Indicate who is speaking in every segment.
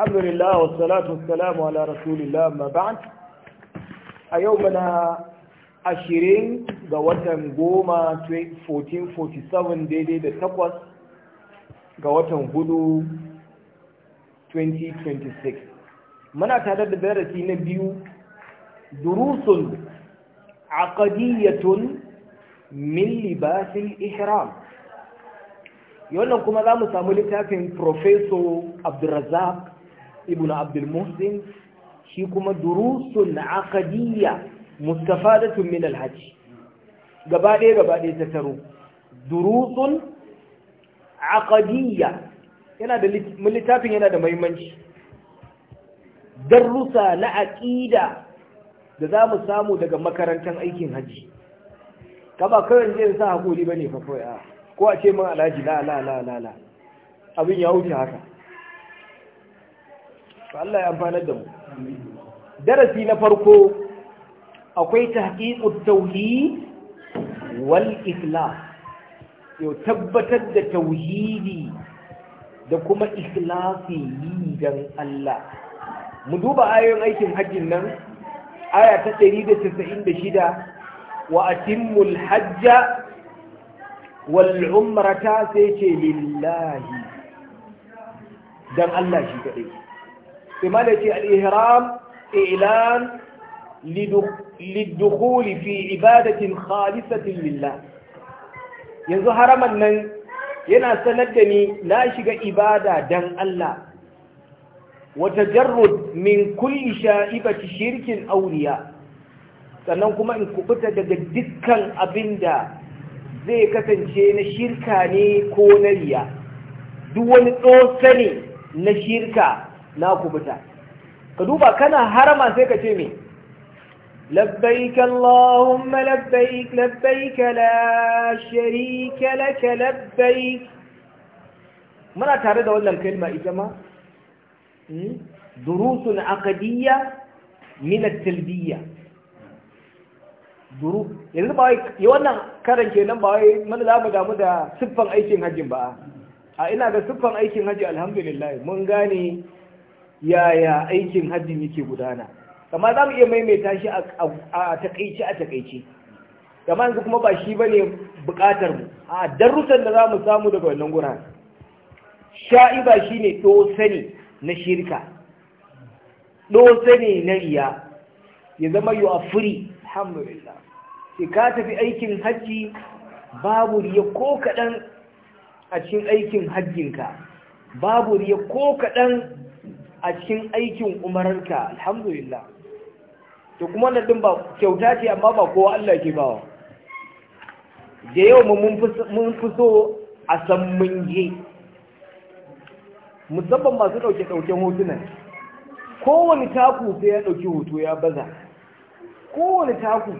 Speaker 1: الحمد لله والصلاة والسلام على رسول الله ما بعد أيومنا ashirin ga watan goma 1447 daidai da takwas ga watan hudu 2026 muna tare da darasi na biyu durusun aqadiyyatun min libasil ihram yau kuma za mu samu littafin profeso abdulrazak ibn abdul muhsin shi kuma durusun aqadiyya mustafadatun min alhaji gaba ɗaya gaba ɗaya ta taro durusun aqadiyya yana da littafin yana da muhimmanci darussa na aqida da za mu samu daga makarantar aikin hajji ka ba kawai zai sa hakuri ba ne kawai ko a ce min alhaji la la la la abin ya wuce haka Allah ya amfanar da mu darasi na farko akwai tahqiqut tauhid wal ikhlas yau tabbatar da tauhidi da kuma ikhlasi yi dan Allah mu duba ayoyin aikin hajjin nan aya ta 196 wa atimmul hajja wal umrata sai ce lillahi dan Allah shi kadai bimane ce al’ihram ilan lidukuli fi ibadatin khalisatin lillah yanzu haraman nan yana sanar da ni na shiga ibada don Allah wata jarrud min kulli sha’ibati shirkin auriya sannan kuma in kubuta daga dukkan abinda zai kasance na shirka ne ko na riya duk wani tsotsa ne na shirka na kubuta ka duba kana harama sai ka ce me لبيك اللهم لبيك لبيك لا شريك لك لبيك muna tare da wannan kalma ita ma hmm, durusun aqdiyya min at-talbiyya duru yanzu ba yi wannan karan kenan ba wai mana za mu damu da siffan aikin hajji ba a ina ga siffan aikin hajji alhamdulillah mun gane yaya aikin hajjin yake gudana kama za mu iya maimaita shi a takaici a takaici kama yanzu kuma ba shi bane bukatar mu a darussan da za mu samu daga wannan guran sha'iba shi to sani na shirka to sani na riya ya zama yi a firi, alhamdulillah sai ka tafi aikin hajji babu riya ko kaɗan a cikin aikin hajjinka babu riya ko kaɗan a cikin aikin umararka alhamdulillah to kuma wannan din ba kyauta ce amma ba kowa Allah ke bawa da yau mun fi so a san mun je musamman masu ɗauke ɗauken hotunan kowane taku sai ya ɗauki hoto ya baza kowane taku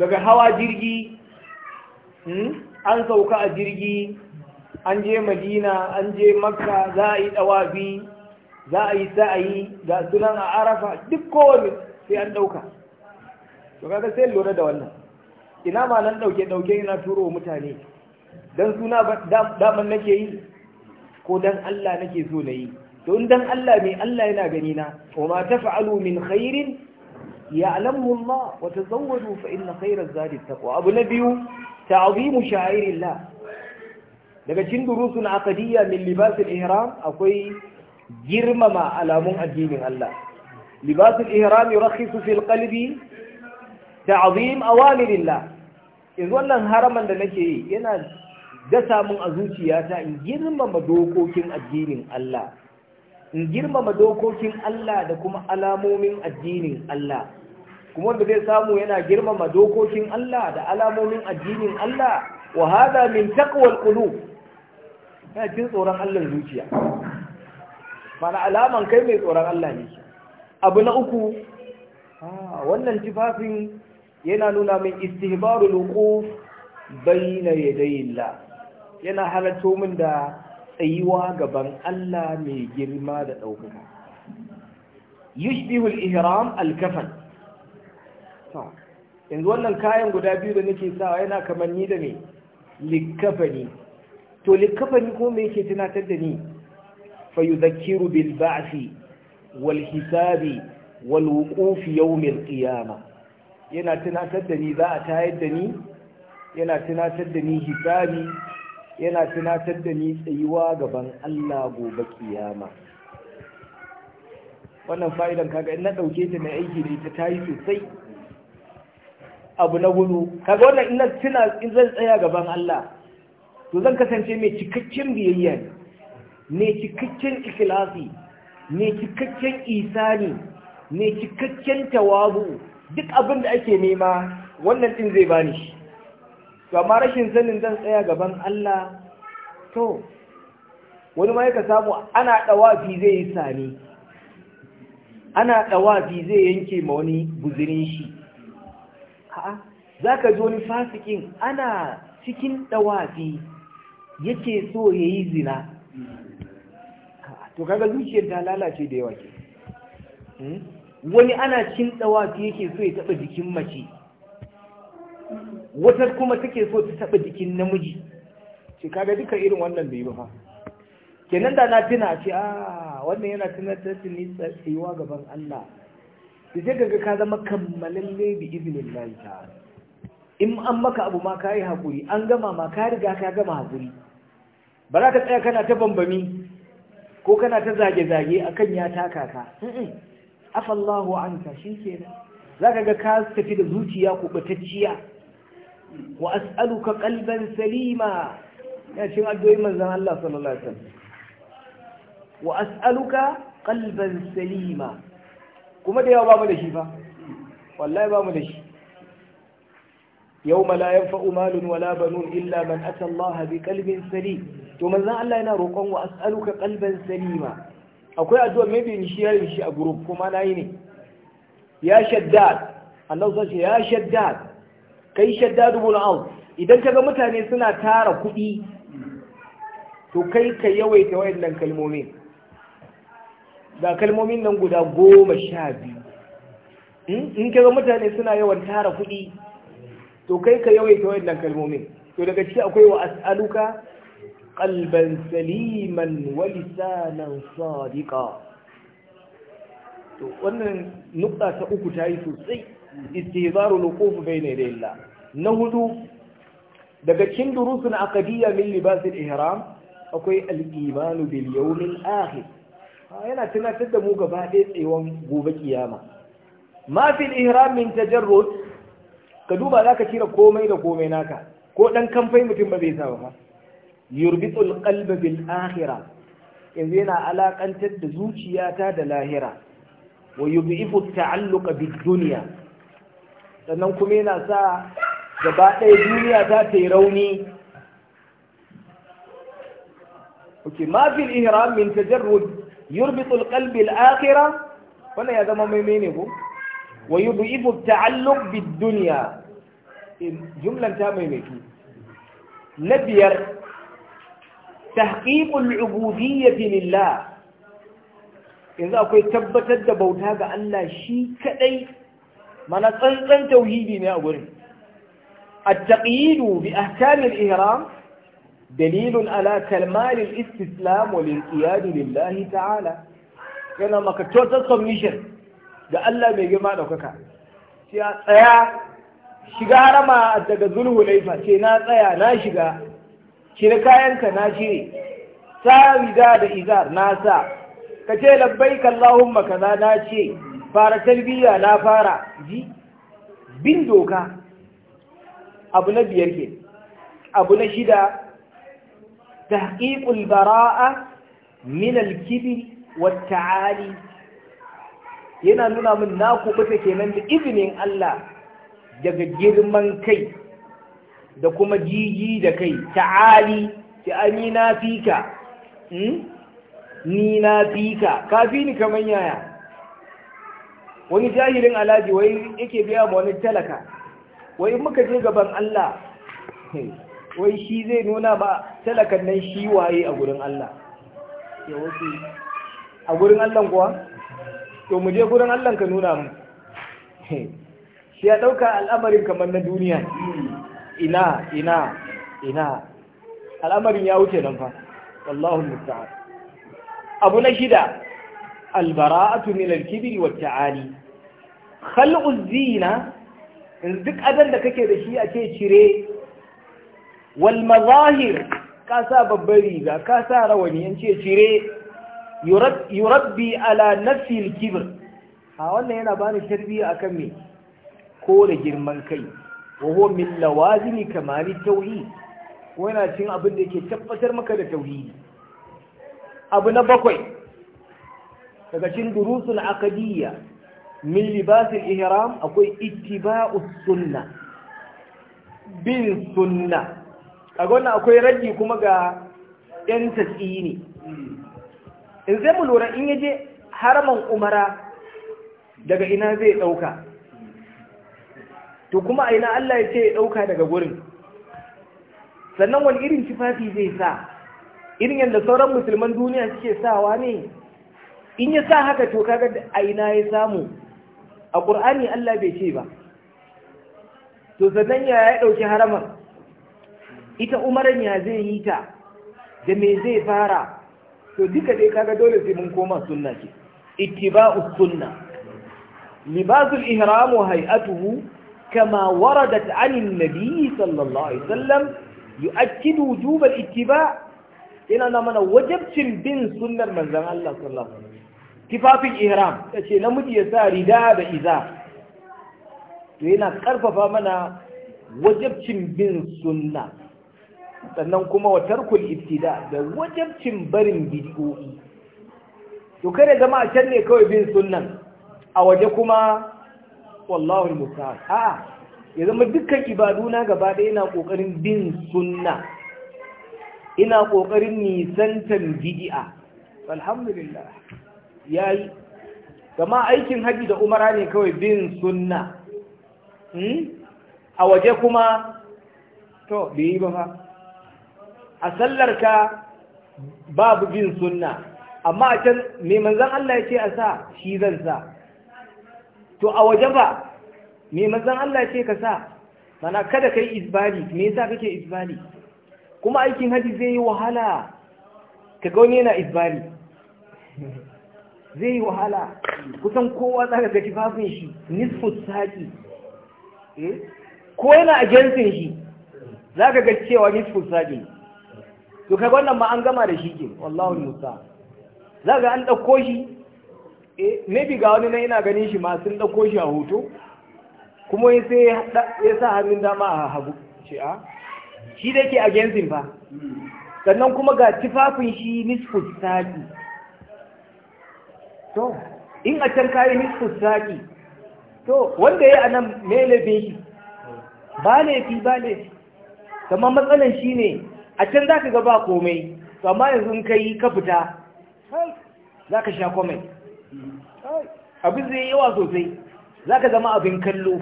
Speaker 1: daga hawa jirgi hmm, an sauka a jirgi an je madina an je makka za a yi ɗawafi za a yi yi ga sunan a arafa duk kowane sai an ɗauka to kaga sai lura da wannan ina ma nan ɗauke ɗauke yana turo wa mutane dan suna daman nake yi ko dan Allah nake so na yi to in dan Allah mai Allah yana gani na wa ma taf'alu min khairin ya'lamu Allah wa tazawwadu fa inna khayra az-zadi taqwa abu na biyu ta'zimu sha'irillah daga cikin durusun aqdiyya min libas al-ihram akwai girmama alamun addinin Allah libasul ihram yurakhisu fil qalbi ta'zim awamirillah yanzu wannan haraman da nake yi yana dasa mun a zuciyata in girmama dokokin addinin Allah in girmama dokokin Allah da kuma alamomin addinin Allah kuma wanda zai samu yana girmama dokokin Allah da alamomin addinin Allah wa hada min taqwal qulub yana cin tsoron Allah zuciya mana alaman kai mai tsoron Allah ne abu na uku wannan tufafin yana nuna min istihbarul wuquf bayna yadayillah yana halatto min da tsayuwa gaban Allah mai girma da ɗaukaka yushbihul ihram yanzu wannan kayan guda biyu da nake sawa yana kamar ni da me likafani to likkafani ko me yake tunatar da ni فيذكر بالبعث والحساب والوقوف يوم القيامة yana tunatar da ni za a tayar da ni yana tunatar da ni hisabi yana tunatar da ni tsayuwa gaban Allah gobe kiyama wannan fa'idan kaga in na dauke ta na aiki ne ta tayi sosai abu na hudu kaga wannan in na tuna in zan tsaya gaban Allah to zan kasance mai cikakken biyayya ne ne cikakken ikhlasi ne cikakken isani ne cikakken tawabu. duk abin da ake nema wannan din zai bani shi to amma rashin sanin zan tsaya gaban Allah to wani ma yaka samu ana dawafi zai yi sani ana dawafi zai yanke ma wani buzirin shi a'a zaka ji wani fasikin ana cikin dawafi yake so yayi zina to kaga zuciyar ta lalace da yawa ke hmm? wani ana cin su yake so ya taba jikin mace wata kuma take so ta taba jikin namiji ce kaga duka irin wannan bai ba kenan da na tuna ce a ah, wannan yana tuna da tuni tsayuwa gaban Allah da sai kaga ka zama kammalalle bi izinin Allah ta in an maka abu ma kai hakuri an gama ma ka riga ka gama hakuri ba za ka tsaya kana ta bambami ko kana ta zage-zage a kan ya taka ka afallahu anka Za ka ga ka tafi da zuciya ko kubatacciya wa as'aluka kalban salima ya cin addu'o'in manzon Allah sallallahu alaihi wasallam wa as'aluka kalban salima kuma da yawa ba mu da shi fa wallahi ba mu da shi yawma la yanfa'u malun wala banun illa man ata Allah bi qalbin salim to manzon Allah yana roƙon wa as'aluka qalban salima akwai addu'a mai ni shi yayin shi a group kuma nayi ne ya shaddad Allah zai ce ya shaddad kai shaddad ibn al idan kaga mutane suna tara kuɗi to kai ka yawaita wayannan kalmomin ga kalmomin nan guda goma sha biyu in kaga mutane suna yawan tara kuɗi to kai ka yawaita wayannan kalmomin to daga ciki akwai wa as'aluka qalban saliman wa lisanan sadiqa to wannan nukta ta uku tayi sosai istihzaru baina bayna na hudu daga cikin durusun aqdiyya min libas al-ihram akwai al-iman bil yawm al-akhir ah, yana tunatar da mu gaba ɗaya gobe kiyama ma fi al-ihram min tajarrud ka duba za ka cire komai da komai naka ko ɗan kamfai mutum ba zai sa ba yurbitul qalba bil akhira yanzu yana alakantar da zuciyata da lahira wa yudhifu ta'alluqa bid dunya sannan kuma yana sa gaba ɗaya duniya ta ta yi rauni Oke, ma fil min tajarrud yurbitul qalbi al-akhirah wannan ya zama mai ne ko ويضعف التعلق بالدنيا جملة تامة ميكي لبير تحقيق العبودية لله إذا أقول تبت الدبوت هذا أن شيء كأي ما توهيدي توهيدنا أقول التقييد بأحكام الإهرام دليل على كمال الاستسلام والانقياد لله تعالى كما ما كتوت da Allah mai girma ɗaukaka sai tsaya shiga harama daga zulhu laifa ce na tsaya na shiga cire kayanka na cire sa riga da izar na sa ka ce labbai kallahumma kaza na ce fara talbiya na fara ji bin doka abu na biyar ke abu na shida tahqiqul bara'a min al-kibr wat ta'ali yana nuna min na kubuta kenan da izinin Allah daga girman kai da kuma jiji da kai ta'ali ta amina fika ni na fika kafi hmm? ni kamar yaya wani jahilin alaji wai yake biya ma wani talaka wai muka je gaban Allah wai shi zai nuna ba talakan nan shi waye a gurin Allah a gurin Allah kuwa to mu je gurin Allah ka nuna mu shi ya ɗauka al'amarin kamar na duniya ina ina ina al'amarin ya wuce nan fa wallahu musta'an abu na shida albara'atu min al-kibri wa ta'ali khalqu zina in duk adan da kake da shi a ce cire wal mazahir ka sa babbar riga ka sa rawani an ce cire yurabbi ala Nasil kibir a wannan yana bani tarbiyya akan me da girman kai wa huwa min lawazimi kamali tauhid ko yana cin abin da yake tabbatar maka da tauhidi abu na bakwai daga cikin durusul aqdiyya min libasil ihram akwai ittiba'us sunna bin sunna kaga wannan akwai raddi kuma ga yan tasini in zai mu lura in yaje haraman umara daga ina zai dauka to kuma a ina Allah ya ce ya dauka daga gurin sannan wani irin tufafi zai sa irin yadda sauran musulman duniya suke sawa ne in ya sa haka to kaga a ina ya samu a ƙur'ani Allah bai ce ba to sannan ya ya ɗauki haraman. ita umaran ya zai yi ta da me zai fara to duka dai kaga dole sai mun koma sunna ce ittiba'u sunna libasul ihram wa hay'atuhu kama waradat 'anil nabiy sallallahu alaihi wasallam yu'akkidu wujub al-ittiba' yana na mana wajabcin bin sunnar manzon Allah sallallahu alaihi wasallam tifafin ihram yace namiji ya sa rida da iza to yana karfafa mana wajabcin bin sunna sannan kuma wa tarkul ibtida da wajabcin barin bid'o'i to kada zama a can ne kawai bin sunnan a waje kuma wallahi musta'an a ya zama dukkan ibaduna gaba da ina kokarin bin sunna ina kokarin nisantan bid'a alhamdulillah yayi kama aikin haji da umara ne kawai bin sunna hmm? a waje kuma to bai yi ba fa a sallar ka babu bin sunna amma a can me zan Allah ya ce a sa shi zan sa to a waje ba me zan Allah ya ce ka sa mana kada kai isbali me yasa kake isbali kuma aikin haji zai yi wahala ka ga wani yana isbali zai yi wahala kusan kowa ka ga tufafin shi nisfus saki eh? ko yana a jensin shi za ka ga cewa nisfus saki to kai wannan ma an gama da shi ke wallahu musa za ga an ɗauko shi eh, maybe ga wani nan ina ganin shi ma sun ɗauko shi a hoto kuma sai ya sa hannun dama a hagu shi a ah, shi da ke a gensin fa sannan kuma ga tifafin shi nisfu saki to in a can kayi nisfu saki to wanda ya anan mai laifin shi ba fi ba laifi kamar matsalan shi ne a can za ka gaba komai to amma yanzu ka kai ka fita za ka sha komai abin zai yawa sosai za ka zama abin kallo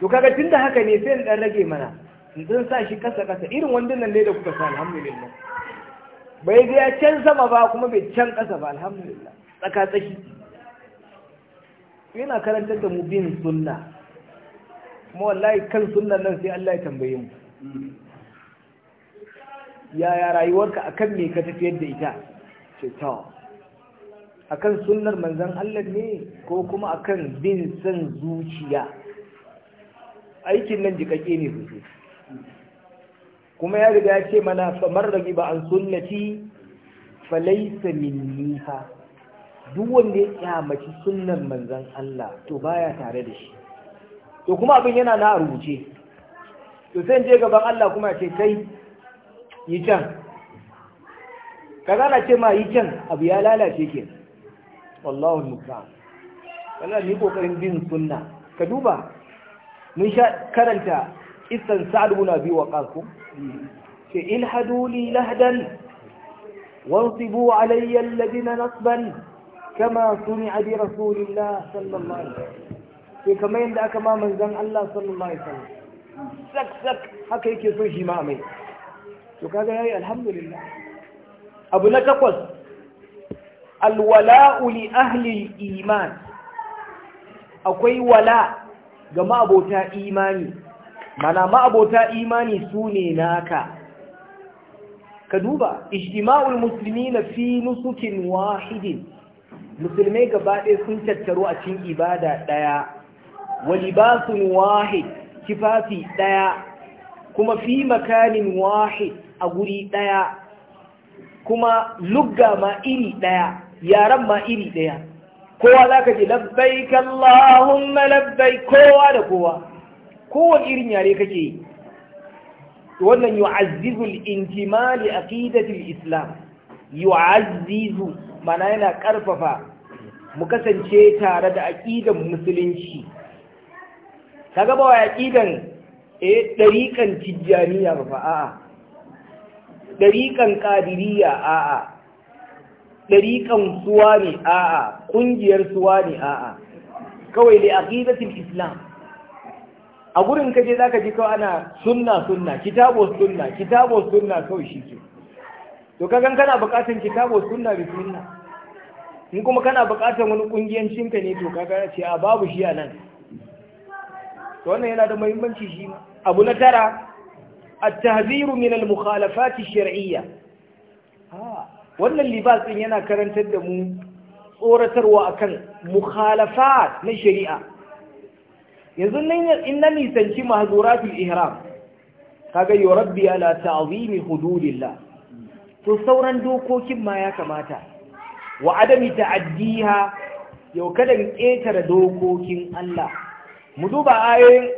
Speaker 1: to kaga tun da haka ne sai in ɗan rage mana in sa shi kasa-kasa irin nan ne da kuka sa alhamdulillah bai ya can sama ba kuma bai can kasa ba alhamdulillah tsaka-tsaki yana karantar da mu bin sunna kuma wallahi kan sunnan nan sai Allah ya tambaye mu yaya rayuwarka akan me ka tafiyar da ita ce ta akan sunnar manzan Allah ne ko kuma akan bin san zuciya aikin nan jikake ne sosai kuma ya riga ya ce mana famar ragi ba an sunnati falaisa minniha duk wanda ya kyamaci sunnan manzan Allah to baya tare da shi to kuma abin yana na rubuce to sai je gaban Allah kuma ya ce kai yi can ka na ce ma yi can abu ya lalace ke wallahu musta'an wallahi ni kokarin bin sunna ka duba mun sha karanta kissan sa'ad ibn abi waqas ko ce ilhadu li lahdan وانصبوا علي الذين نصبا كما صنع برسول الله صلى الله عليه وسلم sai kamar yadda aka ma manzan Allah sallallahu alaihi wasallam sak sak haka yake so shi ma mai to kaga yayi alhamdulillah abu na takwas alwala'u li ahli iman akwai wala ga ma'abota imani mana ma'abota imani sune naka ka duba ijtima'ul muslimina fi nusukin wahidin musulmai gaba ɗaya sun tattaro a cikin ibada ɗaya wa libasun wahid kifafi ɗaya kuma fi makanin wahid a guri ɗaya kuma lugga ma iri ɗaya yaran ma iri ɗaya kowa za ka ce labbaik na labbai kowa da kowa kowane irin yare kake wannan yi intimali intima li islam azizu mana yana ƙarfafa mu kasance tare da aƙidan musulunci Ka gaba wa aƙidan? Eh, ɗariƙan tijjaniya ba ɗariƙan ƙadiriya a'a ɗariƙan suwa ne a'a ƙungiyar suwa ne a'a kawai da aqidatul islam a gurin kaje zaka ji kawai ana sunna sunna kitabo sunna kitabo sunna kawai shi ke. to kagan kana buƙatar kitabo sunna sunna, in kuma kana buƙatar wani ƙungiyar ka ne to kaga ce a babu shi a nan to wannan yana da muhimmanci shi abu na tara التهذير من المخالفات الشرعية wannan libas ɗin yana karantar da mu tsoratarwa akan mukhalafat na shari'a yanzu in na nisanci mahzuratul ihram kaga yurabbi ala ta'zimi hududillah to sauran dokokin ma ya kamata wa adami ta'addiha yau kada in ƙetare dokokin Allah mu duba ayoyin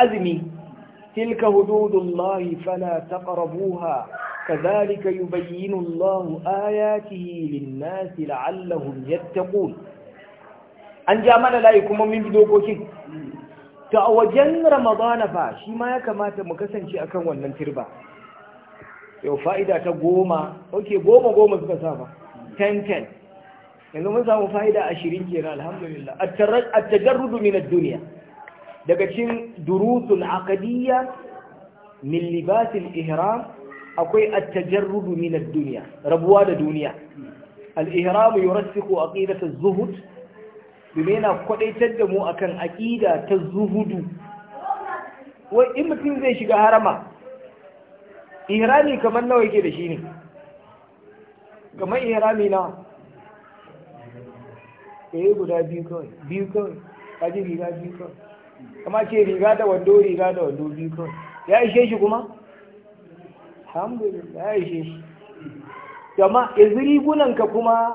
Speaker 1: azumi تلك هدود الله فلا تقربوها كذلك يبين الله آياته للناس لعلهم يتقون an ja mana layi kuma min dokokin ta a wajen ramadana fa shi ya kamata mu kasance akan wannan tirba. yau fa'ida ta goma ok goma goma suka mun samu fa'ida ashirin kenan alhamdulillah a tajarrudu min duniya daga cikin durusul aqdiyya min libasil ihram akwai at-tajarrud min ad-dunya rabuwa da duniya al-ihram yurasiku aqidat az-zuhud domin yana kwadaitar da mu akan aqida ta zuhudu wai in mutum zai shiga harama ihrami kamar nawa yake da shi ne kamar ihrami nawa eh guda biyu kawai biyu kawai biyu kawai kama ce riga da wando riga da wando biyu kawai ya ishe shi kuma alhamdulillah ya ishe shi amma yanzu rigunanka kuma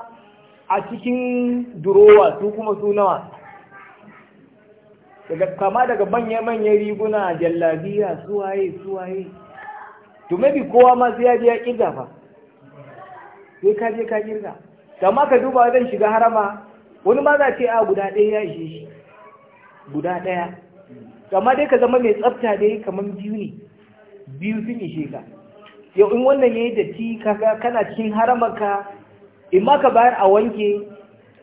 Speaker 1: a cikin durowa su kuma su nawa daga kama daga manya-manyan riguna jallabiya suwaye suwaye to maybe kowa ma sai ya je ya kirga fa sai ka je ka kirga Kama ka duba zan shiga harama wani ma za ce a guda ɗaya ya ishe shi guda ɗaya amma dai ka zama mai tsafta dai kamar biyu ne biyu sun ishe ka yau in wannan ya yi datti kaga kana cikin haramarka in ma ka bayar a wanke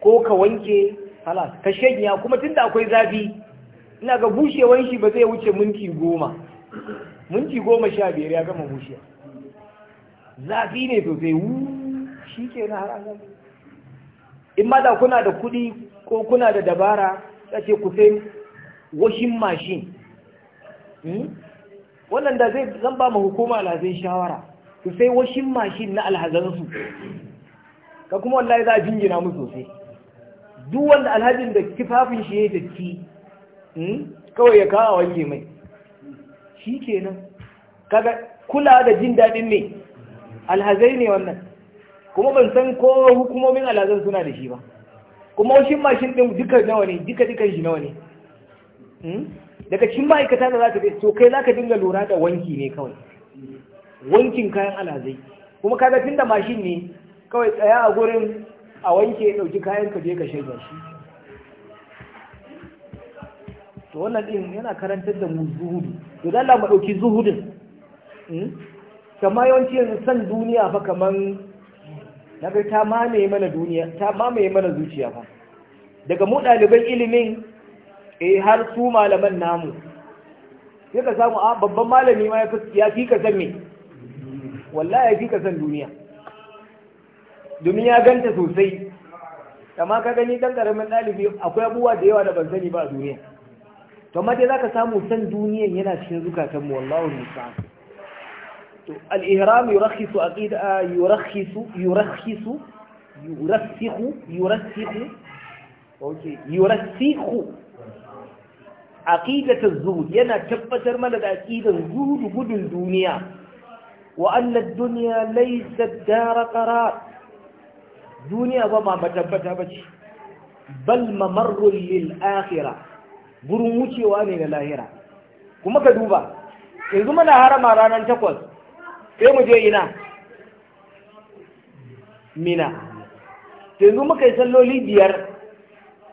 Speaker 1: ko ka wanke halas ka shanya kuma tun da akwai zafi ina ga bushewan shi ba zai wuce minti goma minti goma sha biyar ya gama bushewa zafi ne sosai wu shi ke na haramaka in ma da kuna da kuɗi ko kuna da dabara ta ce ku sai Washin mashin. Hmm? wannan da zai zan ba mu hukuma alhazin shawara su sai washin mashin na alhazansu ka kuma wallahi za a jingina mu sosai duk wanda alhajin da kifafin shi ya datti hmm, kawai ya kawo wange mai shi kenan kaga kula da jin daɗin ne alhazai ne wannan kuma ban san ko hukumomin alhazan suna da shi ba kuma washin mashin ɗin duka nawa ne duka dukan shi nawa ne Hmm? daga cikin ma'aikata da za ka dai to kai za ka dinga lura da wanki ne kawai wankin kayan alazai kuma ka tun da mashin ne kawai tsaya a gurin a wanke ya ɗauki kayan ka je ka shirya shi to wannan ɗin yana karantar da mu zuhudu to dalla mu ɗauki zuhudun hmm? kamar yawanci yanzu san duniya fa kamar na ta mamaye mana duniya ta mamaye mana zuciya fa daga mu ɗaliban ilimin eh har su malaman namu sai ka samu a ah, babban malami ma ya fi ka san me wallahi ya fi ka san duniya
Speaker 2: domin ya ganta
Speaker 1: sosai amma ka gani dan karamin ɗalibi akwai abubuwa da yawa da ban sani ba a duniya to amma dai zaka samu san duniyan yana cikin zukatan mu wallahi musta'an to al-ihram yurakhisu aqida yurakhisu yurakhisu yurasikhu yurasikhu okay yurasikhu aqidatul zuhud yana tabbatar mana da aqidan zuhud gudun duniya wa anna ad-dunya laysat dar qarar duniya ba ma tabbata bace bal mamarrun lil akhirah gurin wucewa ne na lahira kuma ka duba yanzu muna harama ranar takwas sai mu je ina mina yanzu muka yi salloli biyar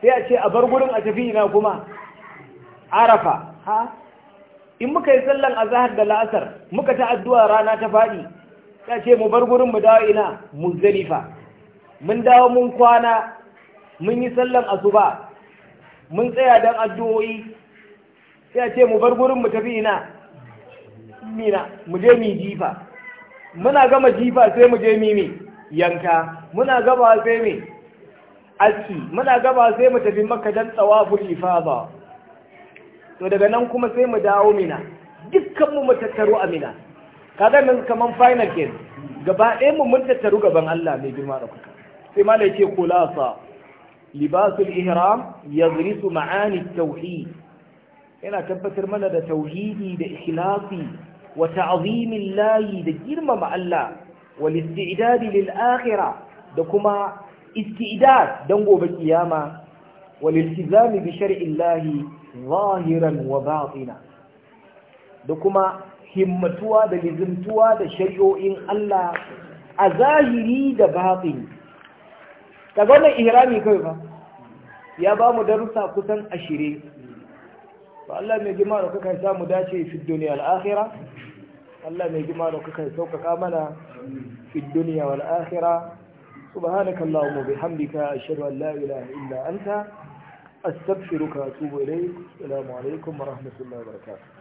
Speaker 1: sai a ce a bar gurin a tafi ina kuma arafa ha in muka yi sallan azahar da la'asar muka ta addu'a rana ta faɗi ta ce mu bar gurin mu dawo ina muzdalifa mun dawo mun kwana mun yi sallan asuba mun tsaya dan addu'o'i sai ce mu bar gurin mu tafi ina mina mu je mi jifa muna gama jifa sai mu je mi yanka muna gaba sai mi aski muna gaba sai mu tafi makka dan tsawaful ifada to daga nan kuma sai mu dawo mina dukkan mu tattaru a mina kaga nan kaman final game, gaba ɗaya mu tattaru gaban Allah mai girma da kuka sai malai ce kulasa libasul ihram yadrisu ma'ani tauhid yana tabbatar mana da tauhidi da ikhlasi wa ta'zimin layi da girmama Allah wal lil akhirah da kuma istidad dan gobe kiyama waliltizami bi shar'illahi zahiran wa batina da kuma himmatuwa da lizimtuwa da shari'o'in Allah a zahiri da batsi. kaga wannan ihrami kai ba ya ba mu darussa kusan ashirin to Allah mai gima da kuka sa mu dace fi duniya al'akhira Allah mai gima da kuka saukaka mana fi duniya wal akhira subhanakallahumma bihamdika ashhadu an la ilaha illa anta أستغفرك وأتوب إليك السلام عليكم ورحمة الله وبركاته